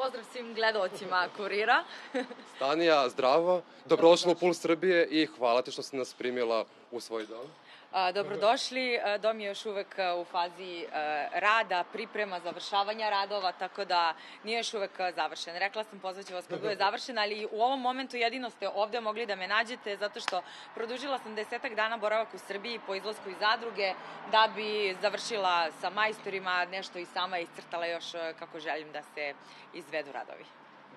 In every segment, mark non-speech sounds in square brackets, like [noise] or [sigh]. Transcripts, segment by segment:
pozdrav svim gledalcima Kurira. [laughs] Stanija, zdravo, dobrodošla u Puls Srbije i hvala ti što si nas primila u svoj dom. Dobrodošli, dom je još uvek u fazi rada, priprema, završavanja radova, tako da nije još uvek završen. Rekla sam, pozvaću vas kad bude završen, ali u ovom momentu jedino ste ovde mogli da me nađete, zato što produžila sam desetak dana boravak u Srbiji po izlasku iz zadruge, da bi završila sa majstorima nešto i sama iscrtala još kako želim da se izvedu radovi.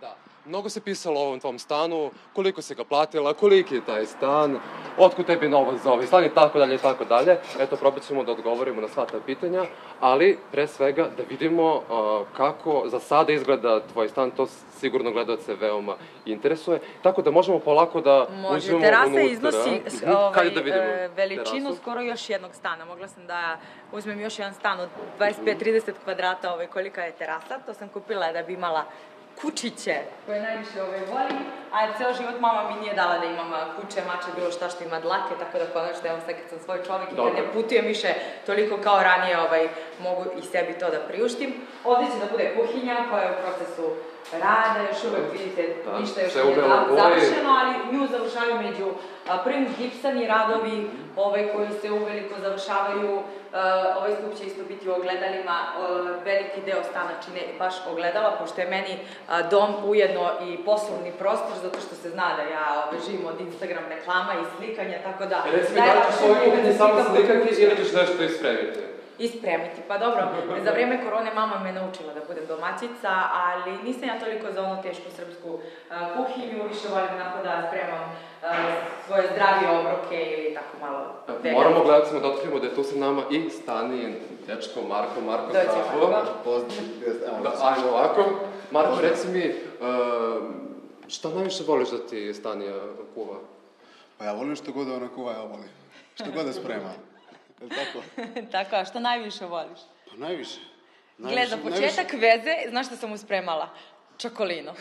Da. Mnogo se pisalo o ovom tvom stanu, koliko se ga platila, koliki je taj stan, otkud tebi novac za ovaj stan i tako dalje i tako dalje. Eto, probat ćemo da odgovorimo na sva ta pitanja, ali pre svega da vidimo uh, kako za sada izgleda tvoj stan, to sigurno gledalce veoma interesuje, tako da možemo polako da Može, uđemo unutra. terasa iznosi mhm. ovaj, da e, veličinu terasu? skoro još jednog stana. Mogla sam da uzmem još jedan stan od 25-30 kvadrata, ovaj, kolika je terasa, to sam kupila da bi imala kučiće, koje najviše ove volim, a ceo život mama mi nije dala da imam kuće, mače, bilo šta što ima dlake, tako da konačno, evo sad kad sam svoj čovjek i kad ne putujem više toliko kao ranije, ovaj, mogu i sebi to da priuštim. Ovdje će da bude kuhinja koja je u procesu rada, još uvek vidite, da, ništa još nije završeno, ali nju završavaju među prvim gipsani radovi, mhm. ove koji se uveliko završavaju, ovaj skup će isto biti u ogledalima, veliki deo stana čine baš ogledala, pošto je meni dom ujedno i poslovni prostor, zato što se zna da ja živim od Instagram reklama i slikanja, tako da... E, reci mi da li ćeš svoju da samo slikati ili ćeš nešto ispremiti? i spremiti. Pa dobro, za vreme korone mama me naučila da budem domaćica, ali nisam ja toliko za onu tešku srpsku uh, kuhinju, više volim onako da spremam uh, svoje zdravije obroke ili tako malo pa vegan. Moramo gledacima da otkrivamo da je tu sa nama i Stanin, dečko Marko, Marko Dođe, da, Pozdrav. Da, ajmo ovako. Marko, reci mi, uh, šta najviše voliš da ti Stanija kuva? Pa ja volim što god ona kuva, ja volim. Što god da sprema tako? [laughs] tako, a što najviše voliš? Pa najviše. najviše Gle, za početak najviše... veze, znaš što sam uspremala? Čokolino.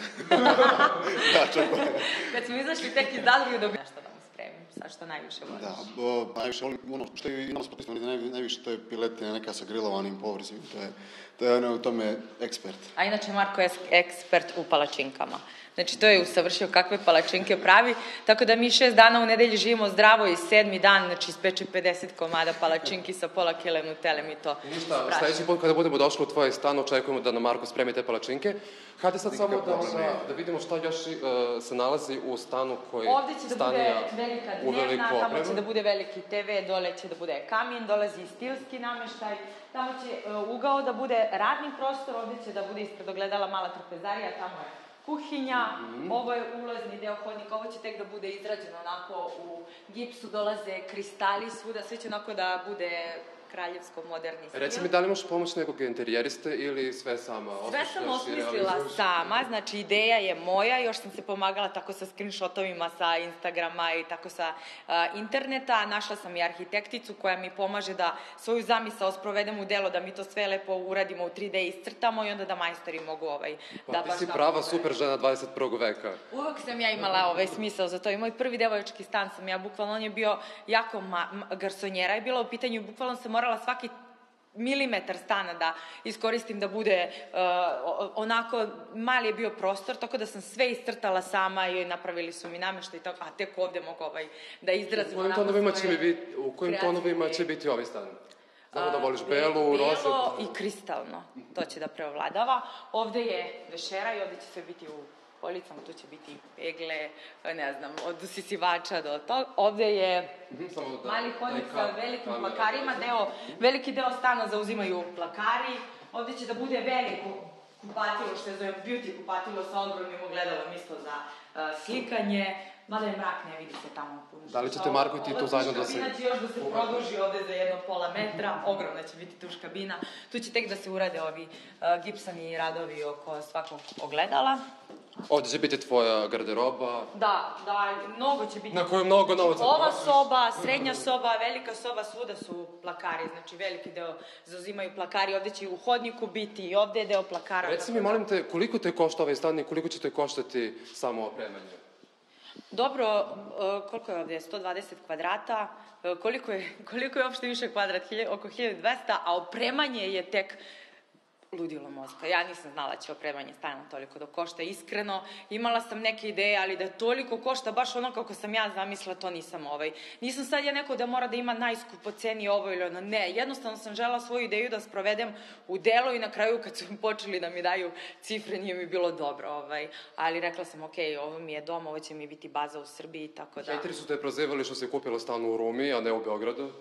[laughs] da, čokolino. Kad smo izašli tek iz zadruge, dobili da nešto da mu spremim, sa što najviše voliš. Da, bo, pa najviše volim, ono, što je i nas potisno, najviše to je piletina neka sa grilovanim povrćem, to je, to je ono, u tome ekspert. A inače, Marko je ekspert u palačinkama. Znači, to je usavršio kakve palačinke pravi, tako da mi šest dana u nedelji živimo zdravo i sedmi dan, znači, ispeče 50 komada palačinki sa pola kile nutele, mi to Ništa, sledeći put kada budemo došli u tvoj stan, očekujemo da nam Marko spremi te palačinke. Hajde sad samo da, da, da vidimo šta još uh, se nalazi u stanu koji Ovde će da bude velika dnevna, tamo će da bude veliki TV, dole će da bude kamin, dolazi i stilski nameštaj, tamo će uh, ugao da bude radni prostor, ovde će da bude ispred ogledala mala trpezarija, tamo je kuhinja, mm -hmm. ovo je ulazni deo hodnika, ovo će tek da bude izrađeno onako u gipsu, dolaze kristali svuda, sve će onako da bude kraljevsko moderni stil. Reci mi, da li imaš pomoć nekog interijeriste ili sve sama? Sve sam osmislila sama, znači ideja je moja, još sam se pomagala tako sa screenshotovima sa Instagrama i tako sa uh, interneta. Našla sam i arhitekticu koja mi pomaže da svoju zamisao sprovedem u delo, da mi to sve lepo uradimo u 3D iscrtamo i onda da majstori mogu ovaj... Pa da ti baš si prava da- super žena 21. veka. Uvek sam ja imala ovaj smisao za to i moj prvi devojački stan sam ja bukvalno, on je bio jako ma garsonjera je bila u pitanju, bukvalno sam morala morala svaki milimetar stana da iskoristim da bude uh, onako mali je bio prostor, tako da sam sve istrtala sama i napravili su mi namešta i tako, a tek ovde mogu ovaj da izrazim. U kojim tonovima će, biti, u kojim tonovima će biti ovaj stan? Znamo da eh, voliš belu, roze. Belo i kristalno, to će da preovladava. Ovde je vešera i ovde će sve biti u policama, tu će biti pegle, ne znam, od usisivača do toga. Ovde je mhm, da, mali hodnik sa velikim plakarima, deo, veliki deo stana zauzimaju plakari, ovde će da bude veliko kupatilo, što je zove beauty kupatilo sa ogromnim ogledalom isto za uh, slikanje, mada je mrak, ne vidi se tamo Da li ćete Marko i ti to zajedno da se... Ova će još da se produži ovde za jedno pola metra, ogromna će biti tuš kabina. Tu će tek da se urade ovi uh, gipsani radovi oko svakog ogledala. Ovde će biti tvoja garderoba. Da, da, mnogo će biti. Na kojoj mnogo novaca Ova soba, srednja soba, velika soba, svuda su plakari, znači veliki deo zauzimaju plakari, ovde će i u hodniku biti i ovde je deo plakara. Reci mi, da. molim te, koliko te košta ovaj stan i koliko će te koštati samo opremanje? Dobro, e, koliko je ovde? 120 kvadrata. E, koliko je, koliko je uopšte više kvadrat? Oko 1200, a opremanje je tek ludilo mozga. Ja nisam znala da će opremanje stana toliko da košta. Iskreno, imala sam neke ideje, ali da toliko košta, baš ono kako sam ja zamislila, to nisam ovaj. Nisam sad ja neko da mora da ima najskupo ceni ovo ili ono. Ne, jednostavno sam žela svoju ideju da sprovedem u delo i na kraju kad su počeli da mi daju cifre, nije mi bilo dobro. Ovaj. Ali rekla sam, ok, ovo mi je dom, ovo će mi biti baza u Srbiji, tako da... Hejteri su te prozevali što se kupila stanu u Rumi, a ne u Beogradu?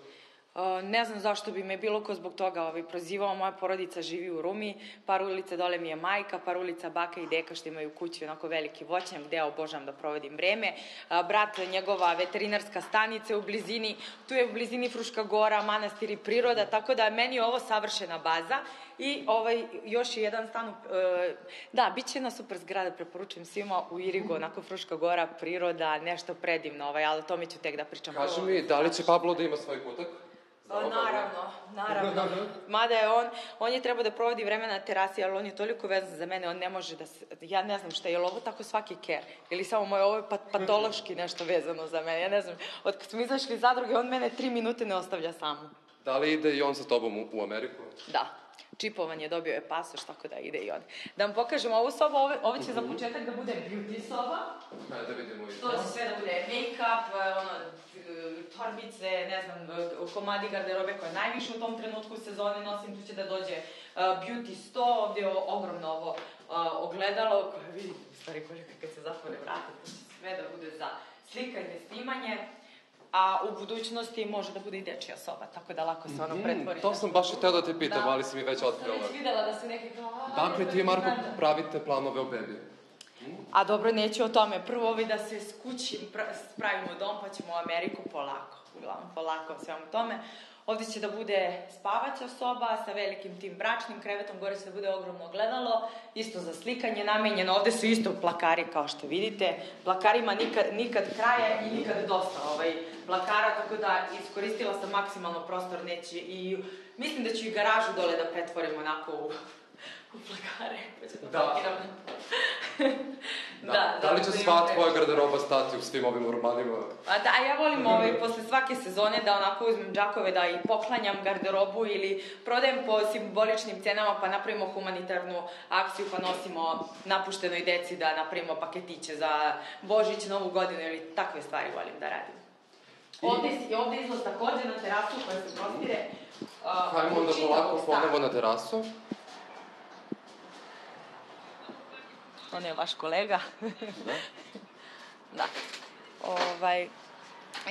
Eh, ne znam zašto bi me bilo ko zbog toga ovaj, prozivao, moja porodica živi u Rumi, par ulica dole mi je majka, par ulica baka i deka što imaju kuću, onako veliki voćan, gde obožam da provodim vreme, eh, brat njegova veterinarska stanica u blizini, tu je u blizini Fruška gora, manastir i priroda, tako da meni je ovo savršena baza i ovaj, još je jedan stan, u, eh, da, bit će jedna super zgrada, preporučujem svima u Irigu, onako Fruška gora, priroda, nešto predivno, ovaj, ali o tome ću tek da pričam. Kaži mi, da li će Pablo da ima svoj kutak? Pa o, naravno, naravno. [laughs] Da, da. Mada je on, on je trebao da provodi vreme na terasi, ali on je toliko vezan za mene, on ne može da se, ja ne znam šta, je li ovo tako svaki ker? Ili samo moje, ovo je pat, patološki nešto vezano za mene, ja ne znam. Od kad smo izašli iz zadruge, on mene tri minute ne ostavlja samu. Da li ide i on sa tobom u, u Ameriku? Da čipovan je dobio je pasoš, tako da ide i on. Da vam pokažem ovu sobu, ovo, ovo će za mhm. početak da bude beauty soba. Da, da vidimo i to. To će sve da bude make-up, e, ono, e, torbice, ne znam, e, komadi garderobe koje najviše u tom trenutku sezone nosim, tu će da dođe beauty sto, ovde je ogromno ovo ogledalo koje vidite, stvari koliko kad se zatvore vrata, to će sve da bude za slikanje, snimanje a u budućnosti može da bude i dečija soba, tako da lako se ono mm, pretvori. To sam baš i teo da te pitam, da, ali si mi već otkrila. Da, sam već videla da se neki kao... Dakle, ti je da, da, Marko da, pravite planove o bebi. A dobro, neću o tome. Prvo ovi da se s kući pravimo dom, pa ćemo u Ameriku polako. Uglavnom, polako o svemu tome. Ovde će da bude spavaća soba sa velikim tim bračnim krevetom, gore će da bude ogromno ogledalo, isto za slikanje namenjeno. Ovde su isto plakari kao što vidite. Plakarima nikad, nikad kraja i nikad dosta ovaj, plakara, tako da iskoristila sam maksimalno prostor neći i mislim da ću i garažu dole da pretvorim onako u, u plakare, pa ću da, da. Da, da, da, da li će da, da, sva tvoja garderoba stati u svim ovim urbanima? A da, a ja volim [laughs] ovaj, posle svake sezone da onako uzmem džakove da i poklanjam garderobu ili prodajem po simboličnim cenama pa napravimo humanitarnu akciju pa nosimo napuštenoj deci da napravimo paketiće za Božić, Novu godinu ili takve stvari volim da radim. I... Ovde, si, ovde izlaz takođe na terasu koja se prostire. Uh, Hajmo onda polako ponovo na terasu. on je vaš kolega. Da? [laughs] da? Ovaj,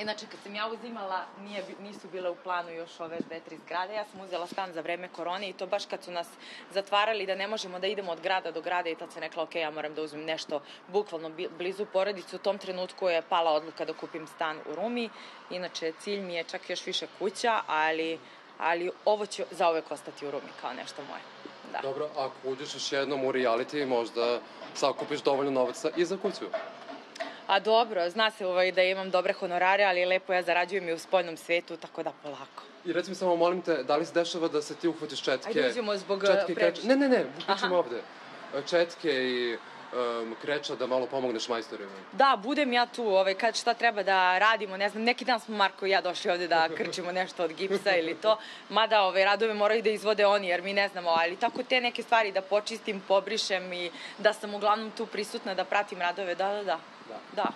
Inače, kad sam ja uzimala, nije, nisu bile u planu još ove dve, tri zgrade. Ja sam uzela stan za vreme korone i to baš kad su nas zatvarali da ne možemo da idemo od grada do grada i tad sam rekla, ok, ja moram da uzmem nešto bukvalno blizu porodicu. U tom trenutku je pala odluka da kupim stan u Rumi. Inače, cilj mi je čak još više kuća, ali, ali ovo će zaovek ostati u Rumi kao nešto moje. Da. Dobro, ako uđeš još jednom u reality, možda sakupiš dovoljno novaca i za kuću. A dobro, zna se ovaj da imam dobre honorare, ali lepo ja zarađujem i u spoljnom svetu, tako da polako. I reci mi samo, molim te, da li se dešava da se ti uhvatiš četke? Ajde uđemo zbog... Četke, preč... Ne, ne, ne, bukit ovde. Četke i um, kreča da malo pomogneš majstorima. Da, budem ja tu, ovaj, kad šta treba da radimo, ne znam, neki dan smo Marko i ja došli ovde da krčimo nešto od gipsa ili to, mada ove ovaj, radove moraju da izvode oni, jer mi ne znamo, ali tako te neke stvari da počistim, pobrišem i da sam uglavnom tu prisutna da pratim radove, da, da, da. Da. da.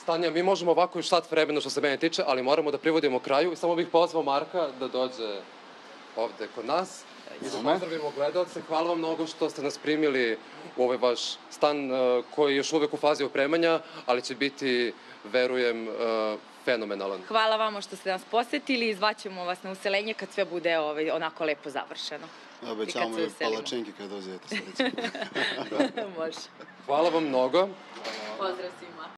Stanja, mi možemo ovako još sat vremena što se mene tiče, ali moramo da privodimo kraju i samo bih pozvao Marka da dođe ovde kod nas i da pozdravimo gledalce. Hvala vam mnogo što ste nas primili u ovaj vaš stan eh, koji je još uvek u fazi opremanja, ali će biti, verujem, eh, fenomenalan. Hvala vamo što ste nas posetili i zvaćemo vas na uselenje kad sve bude ovaj, onako lepo završeno. Obećamo obećavamo i palačinke kad dođete sredicu. [laughs] Može. Hvala vam mnogo. Pozdrav svima.